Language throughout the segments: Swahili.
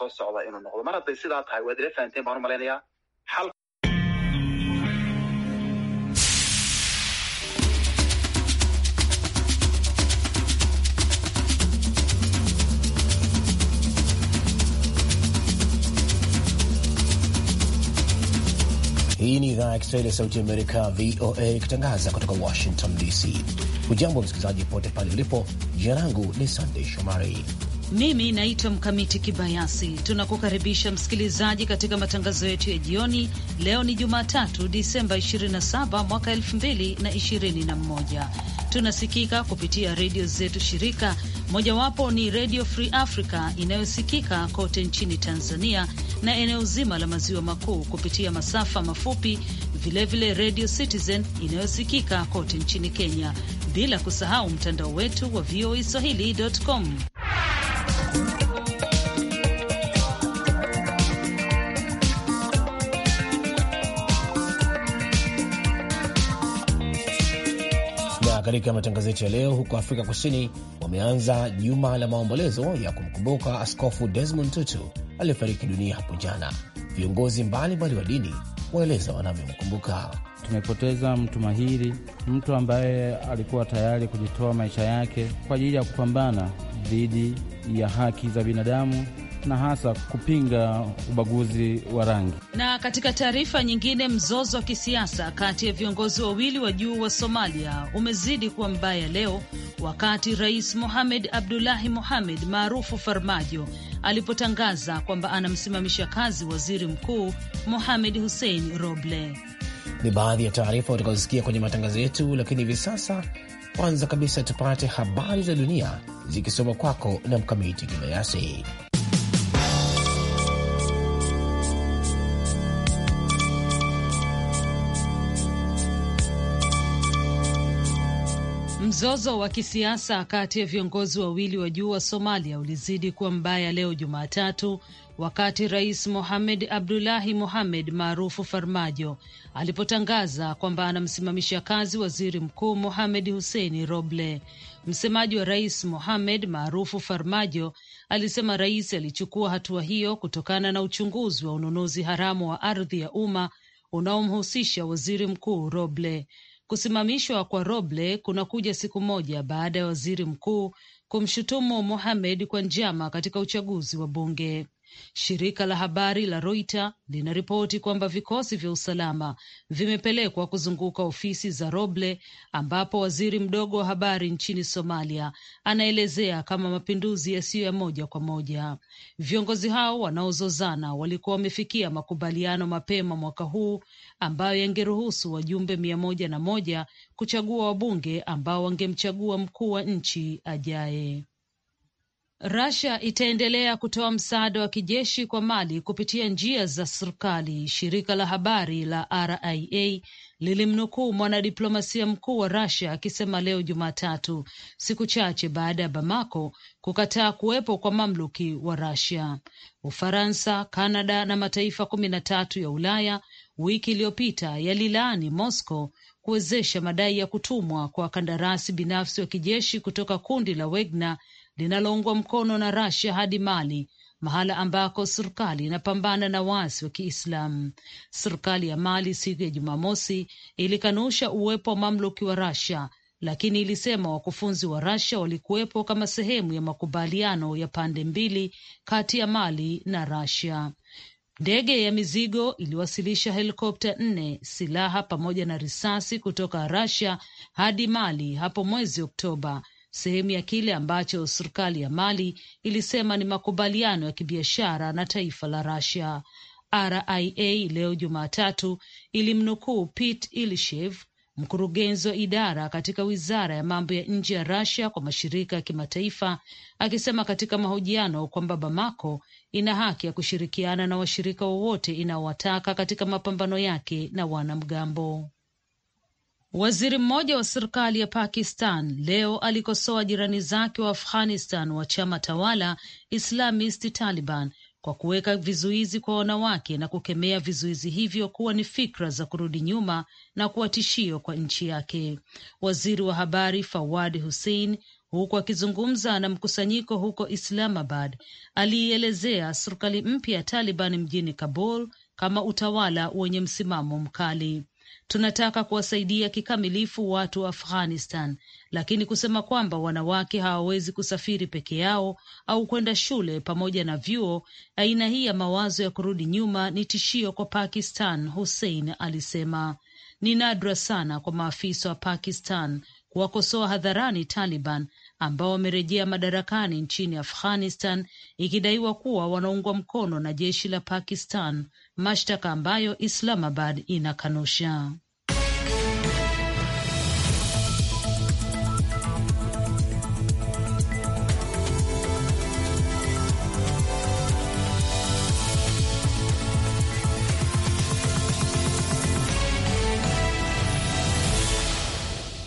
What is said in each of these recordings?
soo socda inuu noqdo mar hadday sidaa tahay waad ila fahanteen baan u malaynayaa xal Hii ni idhaa ya Kiswahili ya Sauti Amerika, VOA, ikitangaza kutoka Washington DC. Hujambo msikilizaji pote pale ulipo. Jina langu ni Sandey Shomari mimi naitwa Mkamiti Kibayasi. Tunakukaribisha msikilizaji katika matangazo yetu ya jioni. Leo ni Jumatatu, Disemba 27 mwaka 2021. Tunasikika kupitia redio zetu shirika, mojawapo ni Redio Free Africa inayosikika kote nchini Tanzania na eneo zima la maziwa makuu kupitia masafa mafupi, vilevile Redio Citizen inayosikika kote nchini Kenya, bila kusahau mtandao wetu wa VOA swahili.com. Na katika matangazo yetu ya leo, huko Afrika Kusini wameanza juma la maombolezo ya kumkumbuka Askofu Desmond Tutu aliyefariki dunia hapo jana. Viongozi mbalimbali wa dini waeleza wanavyomkumbuka. Tumepoteza mtu mahiri, mtu ambaye alikuwa tayari kujitoa maisha yake kwa ajili ya kupambana dhidi ya haki za binadamu na hasa kupinga ubaguzi wa rangi. Na katika taarifa nyingine, mzozo wa kisiasa kati ya viongozi wawili wa juu wa Somalia umezidi kuwa mbaya leo, wakati Rais Mohamed Abdullahi Mohamed maarufu Farmajo alipotangaza kwamba anamsimamisha kazi waziri mkuu Mohamed Hussein Roble. Ni baadhi ya taarifa utakazosikia kwenye matangazo yetu, lakini hivi sasa, kwanza kabisa, tupate habari za dunia zikisoma kwako na Mkamiti Kibayasi. Mzozo wa kisiasa kati ya viongozi wawili wa juu wa Somalia ulizidi kuwa mbaya leo Jumatatu wakati Rais Mohamed Abdullahi Mohamed maarufu Farmajo alipotangaza kwamba anamsimamisha kazi Waziri Mkuu Mohamed Huseini Roble. Msemaji wa Rais Mohamed maarufu Farmajo alisema rais alichukua hatua hiyo kutokana na uchunguzi wa ununuzi haramu wa ardhi ya umma unaomhusisha Waziri Mkuu Roble. Kusimamishwa kwa Roble kunakuja siku moja baada ya waziri mkuu kumshutumu Mohamed kwa njama katika uchaguzi wa bunge. Shirika la habari la Reuters linaripoti kwamba vikosi vya usalama vimepelekwa kuzunguka ofisi za Roble ambapo waziri mdogo wa habari nchini Somalia anaelezea kama mapinduzi yasiyo ya moja kwa moja. Viongozi hao wanaozozana walikuwa wamefikia makubaliano mapema mwaka huu ambayo yangeruhusu wajumbe mia moja na moja kuchagua wabunge ambao wangemchagua mkuu wa nchi ajaye. Russia itaendelea kutoa msaada wa kijeshi kwa Mali kupitia njia za serikali. Shirika la habari la RIA lilimnukuu mwanadiplomasia mkuu wa Russia akisema leo Jumatatu, siku chache baada ya Bamako kukataa kuwepo kwa mamluki wa Russia. Ufaransa, Kanada na mataifa kumi na tatu ya Ulaya wiki iliyopita yalilaani Moscow kuwezesha madai ya kutumwa kwa kandarasi binafsi wa kijeshi kutoka kundi la Wagner linaloungwa mkono na rasia hadi Mali, mahala ambako serikali inapambana na waasi wa Kiislamu. Serikali ya Mali siku ya Jumamosi ilikanusha uwepo wa mamluki wa rasia lakini ilisema wakufunzi wa rasia walikuwepo kama sehemu ya makubaliano ya pande mbili kati ya Mali na rasia Ndege ya mizigo iliwasilisha helikopta nne, silaha pamoja na risasi kutoka rasia hadi Mali hapo mwezi Oktoba sehemu ya kile ambacho serikali ya Mali ilisema ni makubaliano ya kibiashara na taifa la rasia RIA leo Jumatatu ilimnukuu Pete Ilshev, mkurugenzi wa idara katika wizara ya mambo ya nje ya rasia kwa mashirika ya kimataifa, akisema katika mahojiano kwamba Bamako ina haki ya kushirikiana na washirika wowote inaowataka katika mapambano yake na wanamgambo. Waziri mmoja wa serikali ya Pakistan leo alikosoa jirani zake wa Afghanistan wa chama tawala Islamist Taliban kwa kuweka vizuizi kwa wanawake na kukemea vizuizi hivyo kuwa ni fikra za kurudi nyuma na kuwa tishio kwa nchi yake. Waziri wa habari Fawad Hussein, huku akizungumza na mkusanyiko huko Islamabad, aliielezea serikali mpya ya Taliban mjini Kabul kama utawala wenye msimamo mkali tunataka kuwasaidia kikamilifu watu wa Afghanistan, lakini kusema kwamba wanawake hawawezi kusafiri peke yao au kwenda shule pamoja na vyuo, aina hii ya mawazo ya kurudi nyuma ni tishio kwa Pakistan, Hussein alisema. Ni nadra sana kwa maafisa wa Pakistan kuwakosoa hadharani Taliban ambao wamerejea madarakani nchini Afghanistan, ikidaiwa kuwa wanaungwa mkono na jeshi la Pakistan mashtaka ambayo Islamabad inakanusha.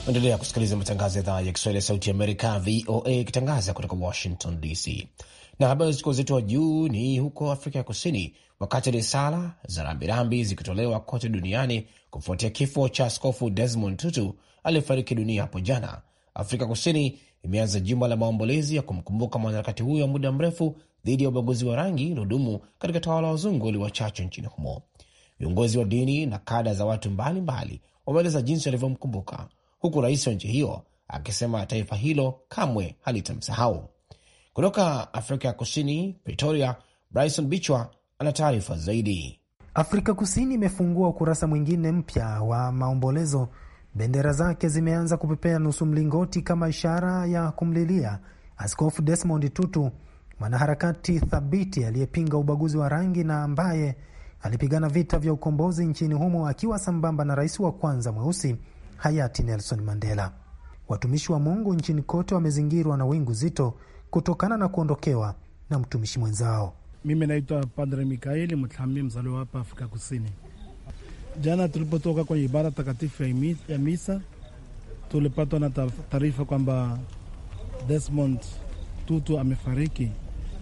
Endelea kusikiliza matangazo ya idhaa ya Kiswahili ya Sauti ya Amerika, VOA, ikitangaza kutoka Washington DC. Na habari zikuwa uzito wa juu ni huko Afrika ya Kusini, wakati risala za rambirambi zikitolewa kote duniani kufuatia kifo cha Askofu Desmond Tutu aliyefariki dunia hapo jana. Afrika Kusini imeanza juma la maombolezi ya kumkumbuka mwanaharakati huyo wa muda mrefu dhidi ya ubaguzi wa rangi uliodumu katika tawala wazungu walio wachache nchini humo. Viongozi wa dini na kada za watu mbalimbali wameeleza jinsi walivyomkumbuka, huku rais wa nchi hiyo akisema taifa hilo kamwe halitamsahau. Kutoka Afrika ya Kusini, Pretoria, Bryson Bichwa ana taarifa zaidi. Afrika Kusini imefungua ukurasa mwingine mpya wa maombolezo. Bendera zake zimeanza kupepea nusu mlingoti kama ishara ya kumlilia Askofu Desmond Tutu, mwanaharakati thabiti aliyepinga ubaguzi wa rangi na ambaye alipigana vita vya ukombozi nchini humo akiwa sambamba na rais wa kwanza mweusi hayati Nelson Mandela. Watumishi wa Mungu nchini kote wamezingirwa na wingu zito kutokana na kuondokewa na mtumishi mwenzao. Mimi naitwa Padre Mikaeli Mtlami, mzaliwa hapa Afrika Kusini. Jana tulipotoka kwenye ibada takatifu ya misa, tulipatwa na taarifa kwamba Desmond Tutu amefariki.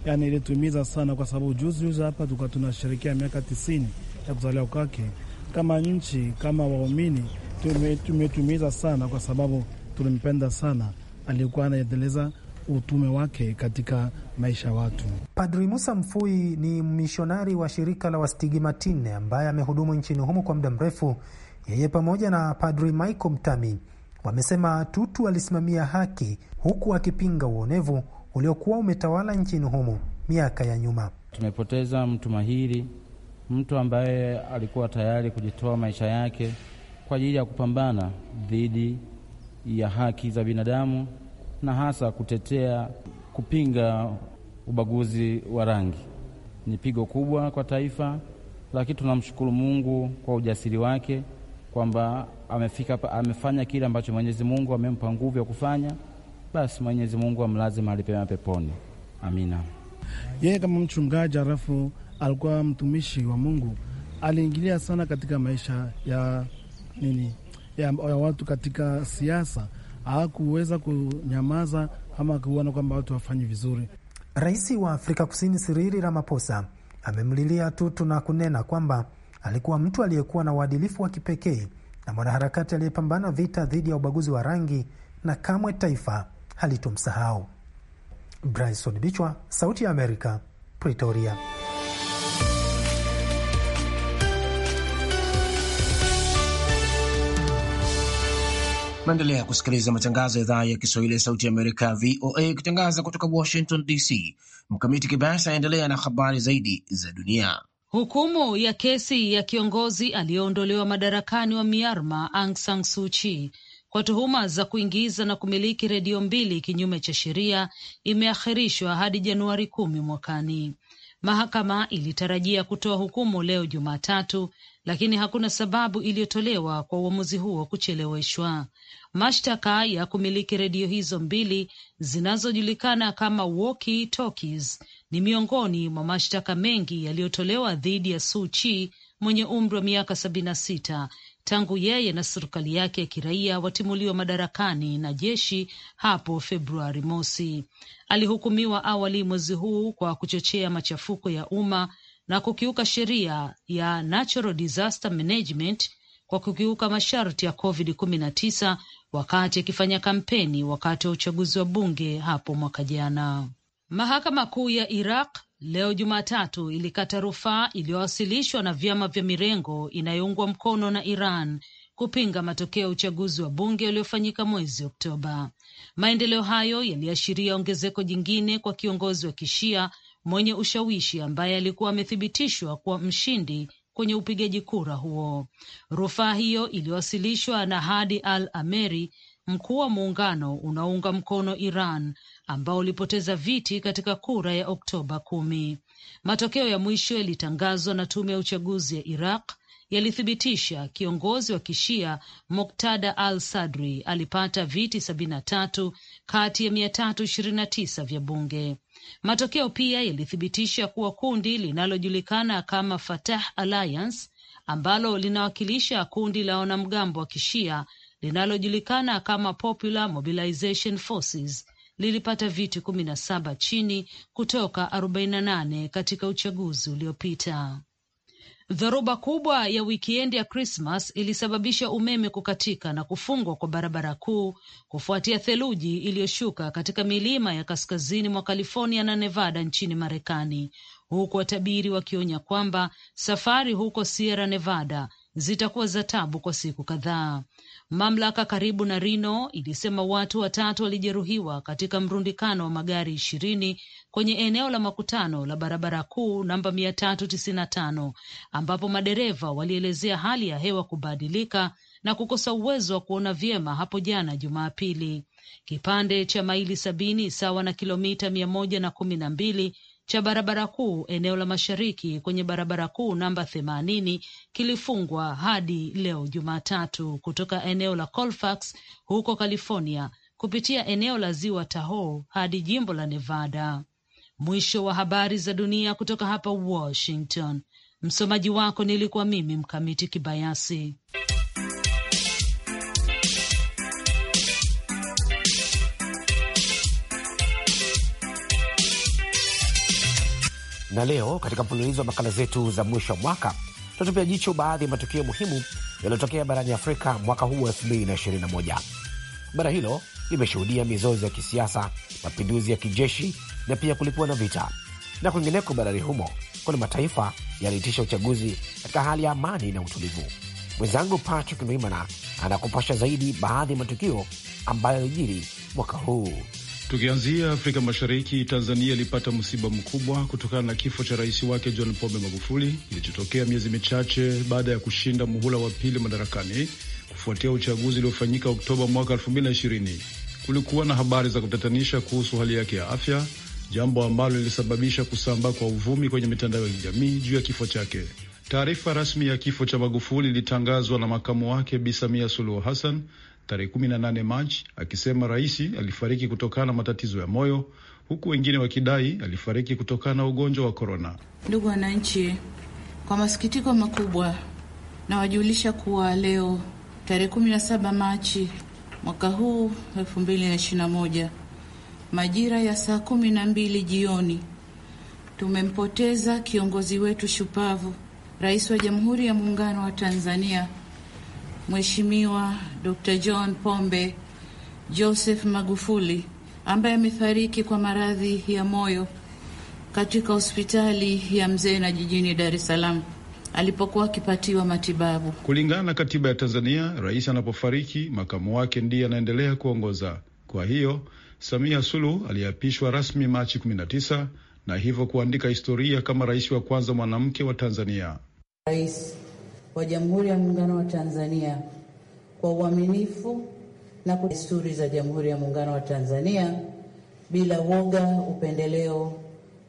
Yani ilitumiza sana, kwa sababu juzi juzi hapa tulikuwa tunasherekea miaka tisini ya kuzaliwa kwake. Kama nchi, kama waumini, tumetumiza sana, kwa sababu tulimpenda sana. Alikuwa anaendeleza utume wake katika maisha ya watu. Padri Musa Mfui ni mishonari wa shirika la Wastigimatine ambaye amehudumu nchini humo kwa muda mrefu. Yeye pamoja na Padri Michael Mtami wamesema Tutu alisimamia haki huku akipinga uonevu uliokuwa umetawala nchini humo miaka ya nyuma. Tumepoteza mtu mahiri, mtu ambaye alikuwa tayari kujitoa maisha yake kwa ajili ya kupambana dhidi ya haki za binadamu na hasa kutetea kupinga ubaguzi wa rangi. Ni pigo kubwa kwa taifa, lakini tunamshukuru Mungu kwa ujasiri wake kwamba amefika, amefanya kile ambacho Mwenyezi Mungu amempa nguvu ya kufanya. Basi Mwenyezi Mungu amlaze mahali pema peponi. Amina. Yeye kama mchungaji halafu alikuwa mtumishi wa Mungu, aliingilia sana katika maisha ya nini ya, ya watu katika siasa hakuweza kunyamaza ama kuona kwamba watu wafanyi vizuri. Rais wa Afrika Kusini Cyril Ramaphosa amemlilia Tutu na kunena kwamba alikuwa mtu aliyekuwa na uadilifu wa kipekee na mwanaharakati aliyepambana vita dhidi ya ubaguzi wa rangi na kamwe taifa halitomsahau. Bryson Bichwa, Sauti ya Amerika, Pretoria. Naendelea kusikiliza matangazo ya idhaa ya Kiswahili ya Sauti Amerika, VOA, ikitangaza kutoka Washington DC. Mkamiti Kibayasi aendelea na habari zaidi za dunia. Hukumu ya kesi ya kiongozi aliyeondolewa madarakani wa Myanmar, Aung San Suu Kyi, kwa tuhuma za kuingiza na kumiliki redio mbili kinyume cha sheria imeahirishwa hadi Januari kumi mwakani. Mahakama ilitarajia kutoa hukumu leo Jumatatu lakini hakuna sababu iliyotolewa kwa uamuzi huo kucheleweshwa. Mashtaka ya kumiliki redio hizo mbili zinazojulikana kama walkie talkies ni miongoni mwa mashtaka mengi yaliyotolewa dhidi ya su chi mwenye umri wa miaka sabini na sita tangu yeye na serikali yake ya kiraia watimuliwa madarakani na jeshi hapo Februari mosi. Alihukumiwa awali mwezi huu kwa kuchochea machafuko ya umma na kukiuka sheria ya Natural Disaster Management kwa kukiuka masharti ya COVID-19 wakati akifanya kampeni wakati wa uchaguzi wa bunge hapo mwaka jana. Mahakama Kuu ya Iraq leo Jumatatu ilikata rufaa iliyowasilishwa na vyama vya mirengo inayoungwa mkono na Iran kupinga matokeo ya uchaguzi wa bunge uliofanyika mwezi Oktoba. Maendeleo hayo yaliashiria ongezeko jingine kwa kiongozi wa kishia mwenye ushawishi ambaye alikuwa amethibitishwa kuwa mshindi kwenye upigaji kura huo. Rufaa hiyo iliwasilishwa na Hadi Al Ameri, mkuu wa muungano unaounga mkono Iran ambao ulipoteza viti katika kura ya Oktoba kumi. Matokeo ya mwisho yalitangazwa na tume ya uchaguzi ya Iraq yalithibitisha kiongozi wa kishia Moktada Al Sadri alipata viti 73 kati ya 329 vya bunge. Matokeo pia yalithibitisha kuwa kundi linalojulikana kama Fatah Alliance ambalo linawakilisha kundi la wanamgambo wa kishia linalojulikana kama Popular Mobilization Forces lilipata viti kumi na saba chini kutoka 48 katika uchaguzi uliopita. Dhoruba kubwa ya wikiendi ya Krismas ilisababisha umeme kukatika na kufungwa kwa barabara kuu kufuatia theluji iliyoshuka katika milima ya kaskazini mwa California na Nevada nchini Marekani, huku watabiri wakionya kwamba safari huko Sierra Nevada zitakuwa za tabu kwa siku kadhaa. Mamlaka karibu na Reno ilisema watu watatu walijeruhiwa katika mrundikano wa magari ishirini kwenye eneo la makutano la barabara kuu namba mia tatu tisini na tano ambapo madereva walielezea hali ya hewa kubadilika na kukosa uwezo wa kuona vyema hapo jana Jumapili. Kipande cha maili sabini sawa na kilomita mia moja na kumi na mbili cha barabara kuu eneo la mashariki kwenye barabara kuu namba themanini kilifungwa hadi leo Jumatatu kutoka eneo la Colfax huko California kupitia eneo la ziwa Tahoe hadi jimbo la Nevada. Mwisho wa habari za dunia kutoka hapa Washington. Msomaji wako nilikuwa mimi Mkamiti Kibayasi. na leo katika mfululizo wa makala zetu za mwisho wa mwaka tunatupia jicho baadhi ya matukio muhimu yaliyotokea barani Afrika mwaka huu wa 2021. Bara hilo limeshuhudia mizozo ya kisiasa, mapinduzi ya kijeshi na pia kulikuwa na vita. Na kwingineko barani humo kuna mataifa yaliitisha uchaguzi katika hali ya amani na utulivu. Mwenzangu Patrick Ndwimana anakupasha zaidi baadhi ya matukio ambayo yalijiri mwaka huu. Tukianzia Afrika Mashariki, Tanzania ilipata msiba mkubwa kutokana na kifo cha rais wake John Pombe Magufuli kilichotokea miezi michache baada ya kushinda muhula wa pili madarakani kufuatia uchaguzi uliofanyika Oktoba mwaka 2020. Kulikuwa na habari za kutatanisha kuhusu hali yake ya afya, jambo ambalo lilisababisha kusambaa kwa uvumi kwenye mitandao ya kijamii juu ya kifo chake. Taarifa rasmi ya kifo cha Magufuli ilitangazwa na makamu wake Bi Samia Suluhu Hassan tarehe 18 Machi akisema rais alifariki kutokana na matatizo ya moyo, huku wengine wakidai alifariki kutokana na ugonjwa wa korona. Ndugu wananchi, kwa masikitiko makubwa nawajulisha kuwa leo tarehe 17 Machi mwaka huu 2021 majira ya saa kumi na mbili jioni tumempoteza kiongozi wetu shupavu, rais wa Jamhuri ya Muungano wa Tanzania Mheshimiwa Dr. John Pombe Joseph Magufuli ambaye amefariki kwa maradhi ya moyo katika hospitali ya mzee na jijini Dar es Salaam alipokuwa akipatiwa matibabu. Kulingana na katiba ya Tanzania, rais anapofariki makamu wake ndiye anaendelea kuongoza. Kwa hiyo Samia Suluhu aliyeapishwa rasmi Machi 19 na hivyo kuandika historia kama rais wa kwanza mwanamke wa Tanzania. Rais wa Jamhuri ya Muungano wa Tanzania kwa uaminifu na desturi za Jamhuri ya Muungano wa Tanzania bila woga, upendeleo,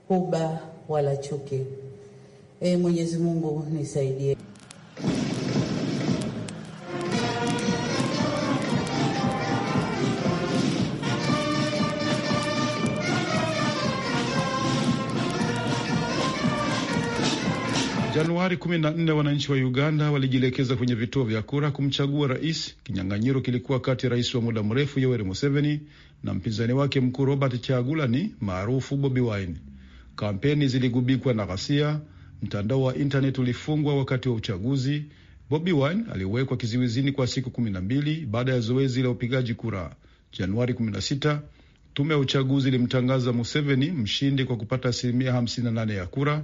huba wala chuki. Ee Mwenyezi Mungu nisaidie. Januari 14 wananchi wa Uganda walijielekeza kwenye vituo vya kura kumchagua rais. Kinyang'anyiro kilikuwa kati ya rais wa muda mrefu Yoweri Museveni na mpinzani wake mkuu Robert chagulani maarufu Bobi Wine. Kampeni ziligubikwa na ghasia, mtandao wa intaneti ulifungwa wakati wa uchaguzi. Bobi Wine aliwekwa kiziwizini kwa siku 12 baada ya zoezi la upigaji kura. Januari 16 tume ya uchaguzi ilimtangaza Museveni mshindi kwa kupata asilimia 58 ya kura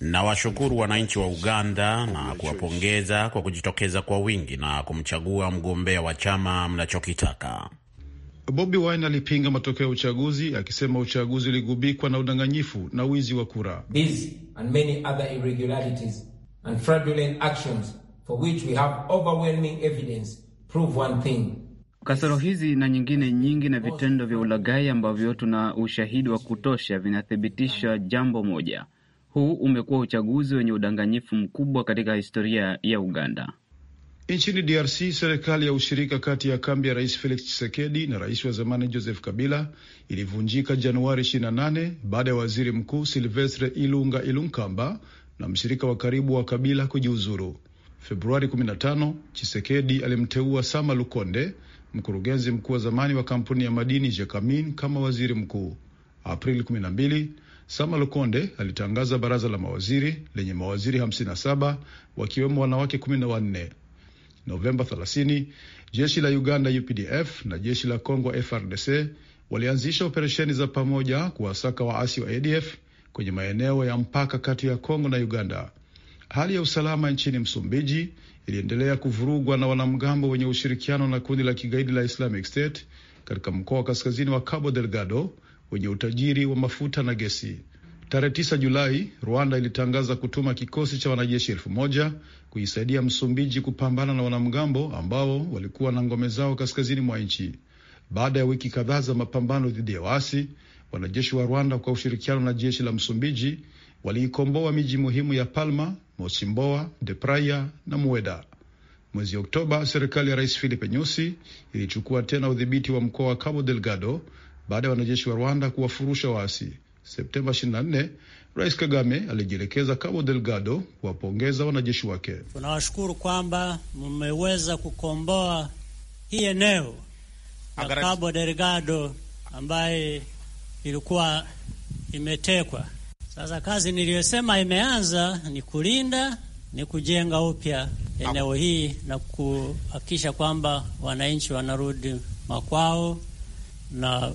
Nawashukuru wananchi wa Uganda na kuwapongeza kwa kujitokeza kwa wingi na kumchagua mgombea wa chama mnachokitaka. Bobi Wine alipinga matokeo ya uchaguzi akisema uchaguzi uligubikwa na udanganyifu na wizi wa kura. Kasoro hizi na nyingine nyingi na vitendo vya ulaghai ambavyo tuna ushahidi wa kutosha vinathibitisha jambo moja huu umekuwa uchaguzi wenye udanganyifu mkubwa katika historia ya Uganda. Nchini DRC, serikali ya ushirika kati ya kambi ya rais Felix Tshisekedi na rais wa zamani Joseph Kabila ilivunjika Januari 28 baada ya waziri mkuu Silvestre Ilunga Ilunkamba na mshirika wa karibu wa Kabila kujiuzuru. Februari 15, Chisekedi alimteua Sama Lukonde, mkurugenzi mkuu wa zamani wa kampuni ya madini Jekamin, kama waziri mkuu. Aprili Sama Lukonde alitangaza baraza la mawaziri lenye mawaziri 57 wakiwemo wanawake 14. Novemba 30, jeshi la Uganda UPDF na jeshi la congo FRDC walianzisha operesheni za pamoja kuwasaka waasi wa ADF kwenye maeneo ya mpaka kati ya congo na Uganda. Hali ya usalama nchini Msumbiji iliendelea kuvurugwa na wanamgambo wenye ushirikiano na kundi la kigaidi la Islamic State katika mkoa wa kaskazini wa Cabo Delgado wenye utajiri wa mafuta na gesi. Tarehe 9 Julai, Rwanda ilitangaza kutuma kikosi cha wanajeshi elfu moja kuisaidia Msumbiji kupambana na wanamgambo ambao walikuwa na ngome zao kaskazini mwa nchi. Baada ya wiki kadhaa za mapambano dhidi ya waasi, wanajeshi wa Rwanda kwa ushirikiano na jeshi la Msumbiji waliikomboa miji muhimu ya Palma, Mocimboa de Praia na Mueda. Mwezi Oktoba, serikali ya Rais Filipe Nyusi ilichukua tena udhibiti wa mkoa wa Cabo Delgado baada ya wanajeshi wa Rwanda kuwafurusha waasi. Septemba 24 Rais Kagame alijielekeza Cabo Delgado kuwapongeza wanajeshi wake. Tunawashukuru kwamba mmeweza kukomboa hii eneo la Cabo Delgado ambaye ilikuwa imetekwa. Sasa kazi niliyosema imeanza ni kulinda, ni kujenga upya eneo hii na kuhakikisha kwamba wananchi wanarudi makwao na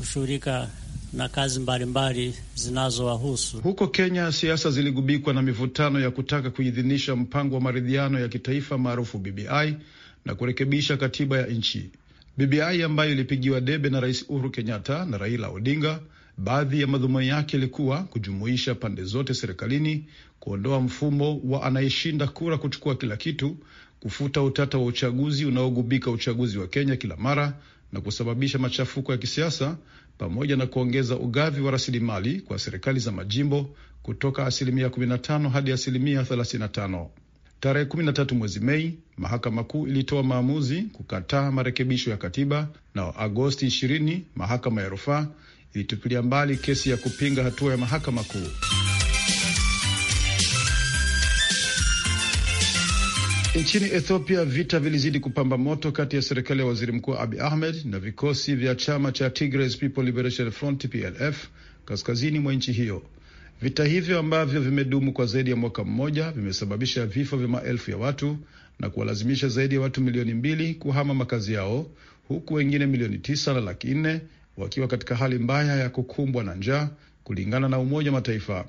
kushughulika na kazi mbalimbali zinazowahusu. Huko Kenya, siasa ziligubikwa na mivutano ya kutaka kuidhinisha mpango wa maridhiano ya kitaifa maarufu BBI na kurekebisha katiba ya nchi. BBI ambayo ilipigiwa debe na Rais Uhuru Kenyatta na Raila Odinga, baadhi ya madhumuni yake ilikuwa kujumuisha pande zote serikalini, kuondoa mfumo wa anayeshinda kura kuchukua kila kitu, kufuta utata wa uchaguzi unaogubika uchaguzi wa Kenya kila mara na kusababisha machafuko ya kisiasa pamoja na kuongeza ugavi wa rasilimali kwa serikali za majimbo kutoka asilimia 15 hadi asilimia 35. Tarehe 13 mwezi Mei, mahakama kuu ilitoa maamuzi kukataa marekebisho ya katiba, na Agosti 20 mahakama ya rufaa ilitupilia mbali kesi ya kupinga hatua ya mahakama kuu. Nchini Ethiopia vita vilizidi kupamba moto kati ya serikali ya waziri mkuu Abi Ahmed na vikosi vya chama cha Tigray People Liberation Front TPLF kaskazini mwa nchi hiyo. Vita hivyo ambavyo vimedumu kwa zaidi ya mwaka mmoja vimesababisha vifo vya maelfu ya watu na kuwalazimisha zaidi ya watu milioni mbili kuhama makazi yao huku wengine milioni tisa na laki nne wakiwa katika hali mbaya ya kukumbwa na njaa, kulingana na Umoja wa Mataifa.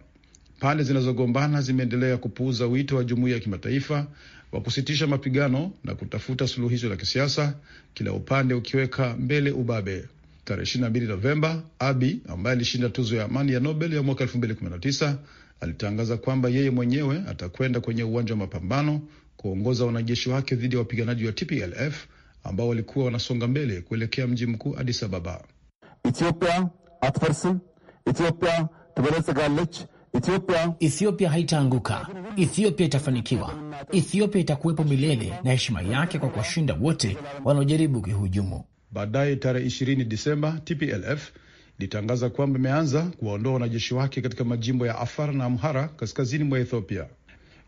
Pande zinazogombana zimeendelea kupuuza wito wa jumuiya ya kimataifa wa kusitisha mapigano na kutafuta suluhisho la kisiasa, kila upande ukiweka mbele ubabe. Tarehe 22 Novemba, abi ambaye alishinda tuzo ya amani ya Nobel ya mwaka 2019 alitangaza kwamba yeye mwenyewe atakwenda kwenye uwanja wa mapambano kuongoza wanajeshi wake dhidi ya wapiganaji wa TPLF ambao walikuwa wanasonga mbele kuelekea mji mkuu Addis Ababa. Ethiopia atfarsi Ethiopia tbelezegalech Ethiopia, Ethiopia haitaanguka. Ethiopia itafanikiwa. Ethiopia itakuwepo milele na heshima yake kwa kuwashinda wote wanaojaribu kuihujumu. Baadaye tarehe 20 Disemba, TPLF ilitangaza kwamba imeanza kuwaondoa wanajeshi wake katika majimbo ya Afar na Amhara kaskazini mwa Ethiopia.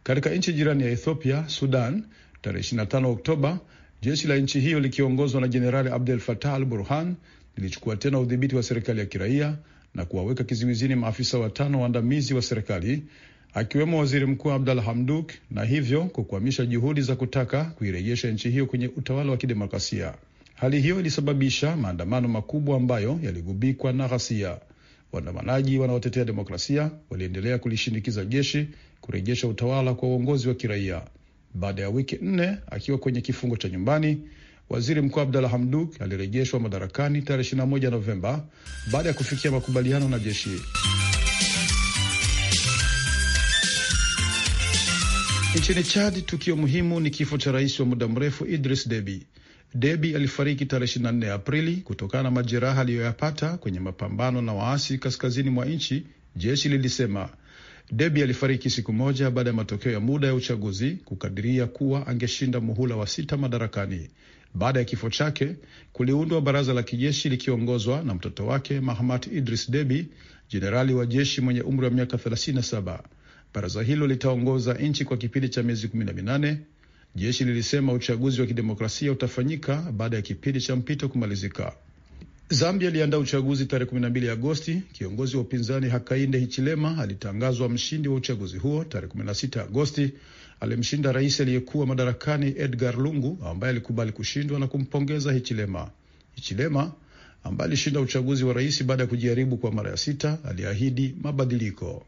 Katika nchi jirani ya Ethiopia, Sudan, tarehe 25 Oktoba, jeshi la nchi hiyo likiongozwa na Jenerali Abdel Fattah al Burhan lilichukua tena udhibiti wa serikali ya kiraia na kuwaweka kizuizini maafisa watano waandamizi wa serikali akiwemo waziri mkuu abdal Hamduk na hivyo kukwamisha juhudi za kutaka kuirejesha nchi hiyo kwenye utawala wa kidemokrasia. Hali hiyo ilisababisha maandamano makubwa ambayo yaligubikwa na ghasia. Waandamanaji wanaotetea demokrasia waliendelea kulishinikiza jeshi kurejesha utawala kwa uongozi wa kiraia. Baada ya wiki nne akiwa kwenye kifungo cha nyumbani, Waziri Mkuu Abdalla Hamduk alirejeshwa madarakani tarehe 21 Novemba baada ya kufikia makubaliano na jeshi. Nchini Chad, tukio muhimu ni kifo cha rais wa muda mrefu Idris Deby. Deby alifariki tarehe 24 Aprili kutokana na majeraha aliyoyapata kwenye mapambano na waasi kaskazini mwa nchi, jeshi lilisema. Deby alifariki siku moja baada ya matokeo ya muda ya uchaguzi kukadiria kuwa angeshinda muhula wa sita madarakani. Baada ya kifo chake kuliundwa baraza la kijeshi likiongozwa na mtoto wake Mahamat Idris debi jenerali wa jeshi mwenye umri wa miaka 37. Baraza hilo litaongoza nchi kwa kipindi cha miezi 18. Jeshi lilisema uchaguzi wa kidemokrasia utafanyika baada ya kipindi cha mpito kumalizika. Zambia iliandaa uchaguzi tarehe 12 Agosti. Kiongozi wa upinzani Hakainde Hichilema alitangazwa mshindi wa uchaguzi huo tarehe 16 Agosti, alimshinda rais aliyekuwa madarakani Edgar Lungu ambaye alikubali kushindwa na kumpongeza Hichilema. Hichilema ambaye alishinda uchaguzi wa rais baada ya kujaribu kwa mara ya sita aliahidi mabadiliko.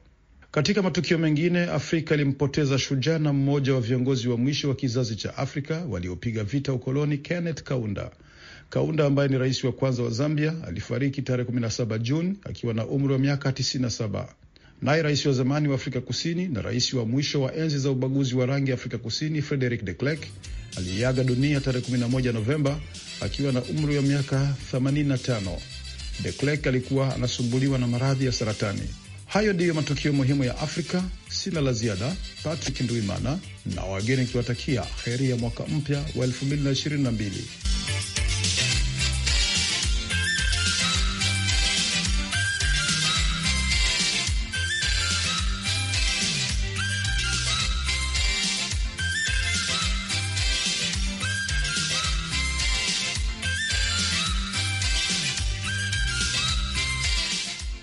Katika matukio mengine, Afrika ilimpoteza shujaa na mmoja wa viongozi wa mwisho wa kizazi cha Afrika waliopiga vita ukoloni, Kenneth Kaunda. Kaunda ambaye ni rais wa kwanza wa Zambia alifariki tarehe 17 Juni akiwa na umri wa miaka 97. Naye rais wa zamani wa Afrika Kusini na rais wa mwisho wa enzi za ubaguzi wa rangi Afrika Kusini Frederick de Klerk aliyeaga dunia tarehe 11 Novemba akiwa na umri wa miaka 85. De Klerk alikuwa anasumbuliwa na maradhi ya saratani. Hayo ndiyo matukio muhimu ya Afrika. Sina la ziada. Patrick nduimana na wageni akiwatakia heri ya mwaka mpya wa 2022.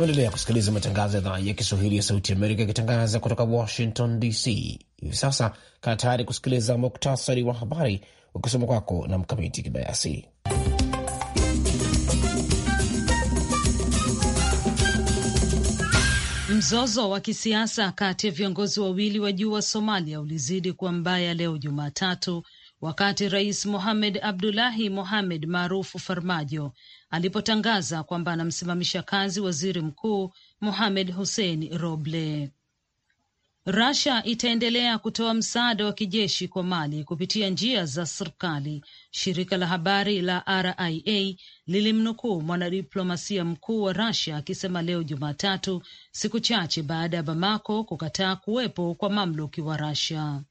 Kuendelea kusikiliza matangazo ya idhaa ya Kiswahili ya Sauti Amerika ikitangaza kutoka Washington DC hivi sasa. Kaa tayari kusikiliza muktasari wa habari ukisoma kwako na Mkamiti Kibayasi. Mzozo wa kisiasa kati ya viongozi wawili wa juu wa Somalia ulizidi kuwa mbaya leo Jumatatu, wakati Rais Mohamed Abdullahi Mohamed maarufu Farmajo alipotangaza kwamba anamsimamisha kazi waziri mkuu Mohamed Hussein Roble. rasia itaendelea kutoa msaada wa kijeshi kwa Mali kupitia njia za serikali. Shirika la habari la RIA lilimnukuu mwanadiplomasia mkuu wa rasia akisema leo Jumatatu, siku chache baada ya Bamako kukataa kuwepo kwa mamluki wa rasia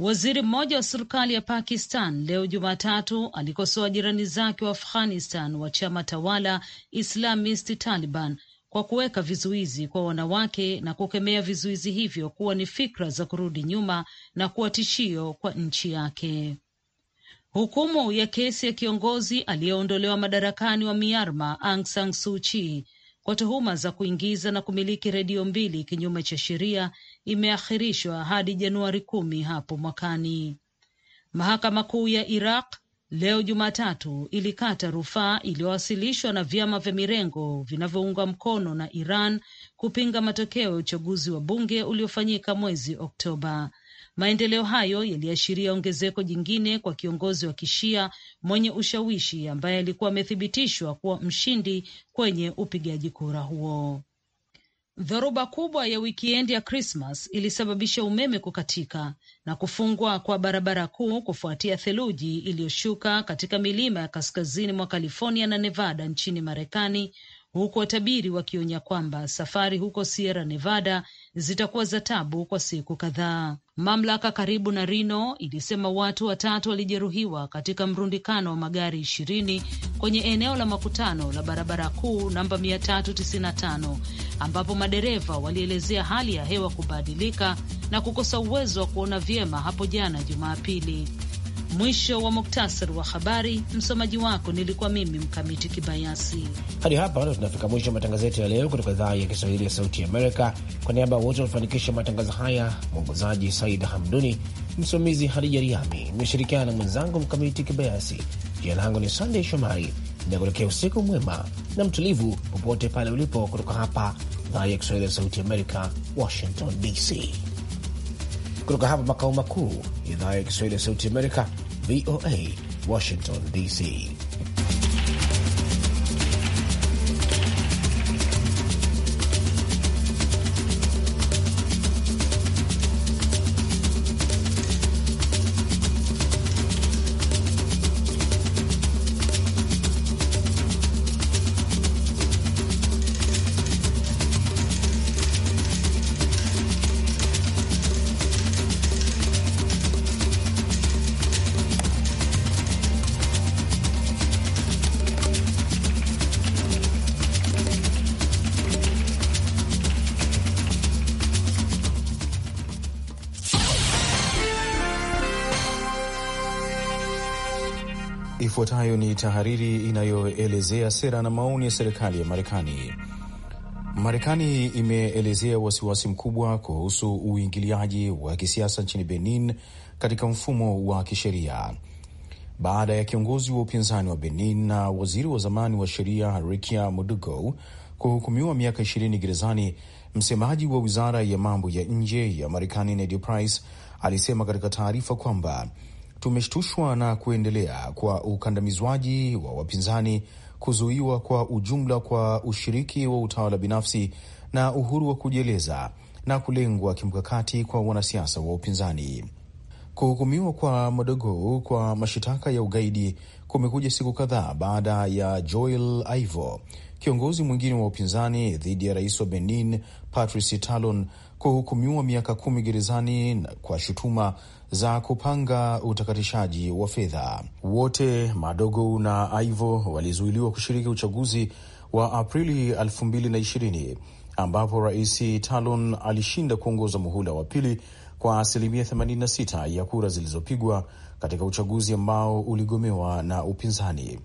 Waziri mmoja wa serikali ya Pakistan leo Jumatatu alikosoa jirani zake wa Afghanistan wa chama tawala Islamist Taliban kwa kuweka vizuizi kwa wanawake na kukemea vizuizi hivyo kuwa ni fikra za kurudi nyuma na kuwa tishio kwa nchi yake. Hukumu ya kesi ya kiongozi aliyeondolewa madarakani wa Myanmar Aung San Suu Kyi kwa tuhuma za kuingiza na kumiliki redio mbili kinyume cha sheria imeahirishwa hadi Januari kumi hapo mwakani. Mahakama Kuu ya Iraq leo Jumatatu ilikata rufaa iliyowasilishwa na vyama vya mirengo vinavyoungwa mkono na Iran kupinga matokeo ya uchaguzi wa bunge uliofanyika mwezi Oktoba. Maendeleo hayo yaliashiria ongezeko jingine kwa kiongozi wa kishia mwenye ushawishi ambaye alikuwa amethibitishwa kuwa mshindi kwenye upigaji kura huo. Dhoruba kubwa ya wikiendi ya Krismas ilisababisha umeme kukatika na kufungwa kwa barabara kuu kufuatia theluji iliyoshuka katika milima ya kaskazini mwa California na Nevada nchini Marekani, huku watabiri wakionya kwamba safari huko Sierra Nevada zitakuwa za tabu kwa siku kadhaa. Mamlaka karibu na Reno ilisema watu watatu walijeruhiwa katika mrundikano wa magari ishirini kwenye eneo la makutano la barabara kuu namba 395 ambapo madereva walielezea hali ya hewa kubadilika na kukosa uwezo wa kuona vyema hapo jana Jumapili. Mwisho wa muktasari wa habari. Msomaji wako nilikuwa mimi Mkamiti Kibayasi. Hadi hapa ndo tunafika mwisho wa matangazo yetu ya leo kutoka idhaa ya Kiswahili ya Sauti Amerika. Kwa niaba ya wote walifanikisha matangazo haya, mwongozaji Saida Hamduni, msimamizi Hadija Riami, imeshirikiana na mwenzangu Mkamiti Kibayasi. Jina langu ni Sandey Shomari, inakuelekea usiku mwema na mtulivu popote pale ulipo, kutoka hapa idhaa ya Kiswahili ya Sauti Amerika, Washington DC kutoka hapa makao makuu, idhaa ya Kiswahili ya Sauti Amerika, VOA Washington DC. Ifuatayo ni tahariri inayoelezea sera na maoni ya serikali ya Marekani. Marekani imeelezea wasiwasi mkubwa kuhusu uingiliaji wa kisiasa nchini Benin katika mfumo wa kisheria baada ya kiongozi wa upinzani wa Benin na waziri wa zamani wa sheria Rikia Modugo kuhukumiwa miaka ishirini gerezani. Msemaji wa wizara ya mambo ya nje ya Marekani Ned Price alisema katika taarifa kwamba tumeshtushwa na kuendelea kwa ukandamizwaji wa wapinzani, kuzuiwa kwa ujumla kwa ushiriki wa utawala binafsi na uhuru wa kujieleza, na kulengwa kimkakati kwa wanasiasa wa upinzani. Kuhukumiwa kwa Madogo kwa mashitaka ya ugaidi kumekuja siku kadhaa baada ya Joel Ivo, kiongozi mwingine wa upinzani, dhidi ya rais wa Benin Patrice Talon kuhukumiwa miaka kumi gerezani kwa shutuma za kupanga utakatishaji wa fedha. Wote Madogo na aivo walizuiliwa kushiriki uchaguzi wa Aprili 2020 ambapo Rais Talon alishinda kuongoza muhula wa pili kwa asilimia 86 ya kura zilizopigwa katika uchaguzi ambao uligomewa na upinzani.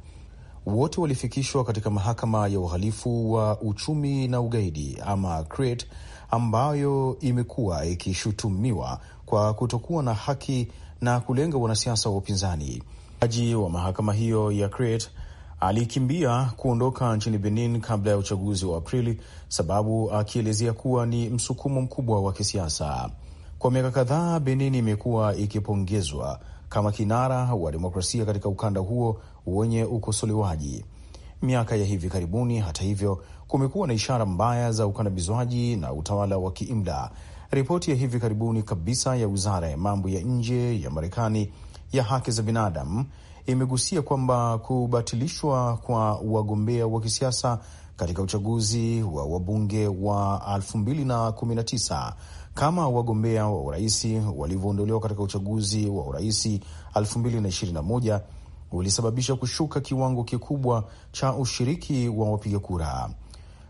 Wote walifikishwa katika mahakama ya uhalifu wa uchumi na ugaidi ama Crete ambayo imekuwa ikishutumiwa kwa kutokuwa na haki na kulenga wanasiasa wa upinzani. Jaji wa mahakama hiyo ya Crete alikimbia kuondoka nchini Benin kabla ya uchaguzi wa Aprili, sababu akielezea kuwa ni msukumo mkubwa wa kisiasa. Kwa miaka kadhaa, Benin imekuwa ikipongezwa kama kinara wa demokrasia katika ukanda huo wenye ukosolewaji. Miaka ya hivi karibuni, hata hivyo, kumekuwa na ishara mbaya za ukandamizwaji na utawala wa kiimla. Ripoti ya hivi karibuni kabisa ya wizara ya mambo ya nje ya Marekani ya haki za binadamu imegusia kwamba kubatilishwa kwa wagombea wa kisiasa katika uchaguzi wa wabunge wa 2019 kama wagombea wa uraisi walivyoondolewa katika uchaguzi wa uraisi 2021 ulisababisha kushuka kiwango kikubwa cha ushiriki wa wapiga kura.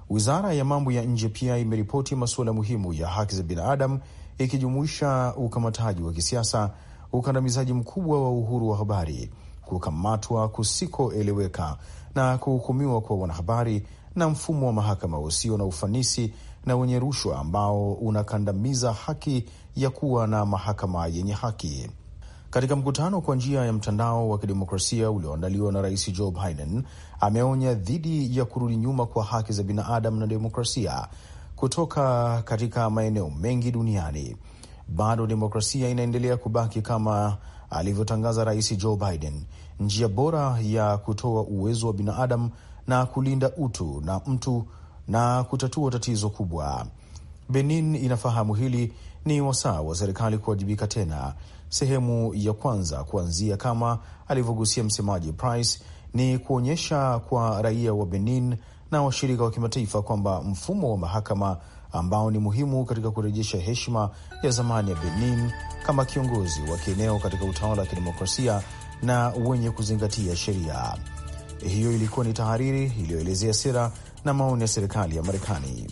Wizara ya mambo ya nje pia imeripoti masuala muhimu ya haki za binadamu ikijumuisha ukamataji wa kisiasa, ukandamizaji mkubwa wa uhuru wa habari, kukamatwa kusikoeleweka na kuhukumiwa kwa wanahabari, na mfumo wa mahakama usio na ufanisi na wenye rushwa ambao unakandamiza haki ya kuwa na mahakama yenye haki. Katika mkutano kwa njia ya mtandao wa kidemokrasia ulioandaliwa na Rais Joe Biden ameonya dhidi ya kurudi nyuma kwa haki za binadamu na demokrasia kutoka katika maeneo mengi duniani. Bado demokrasia inaendelea kubaki kama alivyotangaza Rais Joe Biden, njia bora ya kutoa uwezo wa binadamu na kulinda utu na mtu na kutatua tatizo kubwa. Benin inafahamu hili ni wasaa wa serikali kuwajibika tena, sehemu ya kwanza kuanzia, kama alivyogusia msemaji Price ni kuonyesha kwa raia wa Benin na washirika wa kimataifa kwamba mfumo wa mahakama ambao ni muhimu katika kurejesha heshima ya zamani ya Benin kama kiongozi wa kieneo katika utawala wa kidemokrasia na wenye kuzingatia sheria. Hiyo ilikuwa ni tahariri iliyoelezea sera na maoni ya serikali ya Marekani.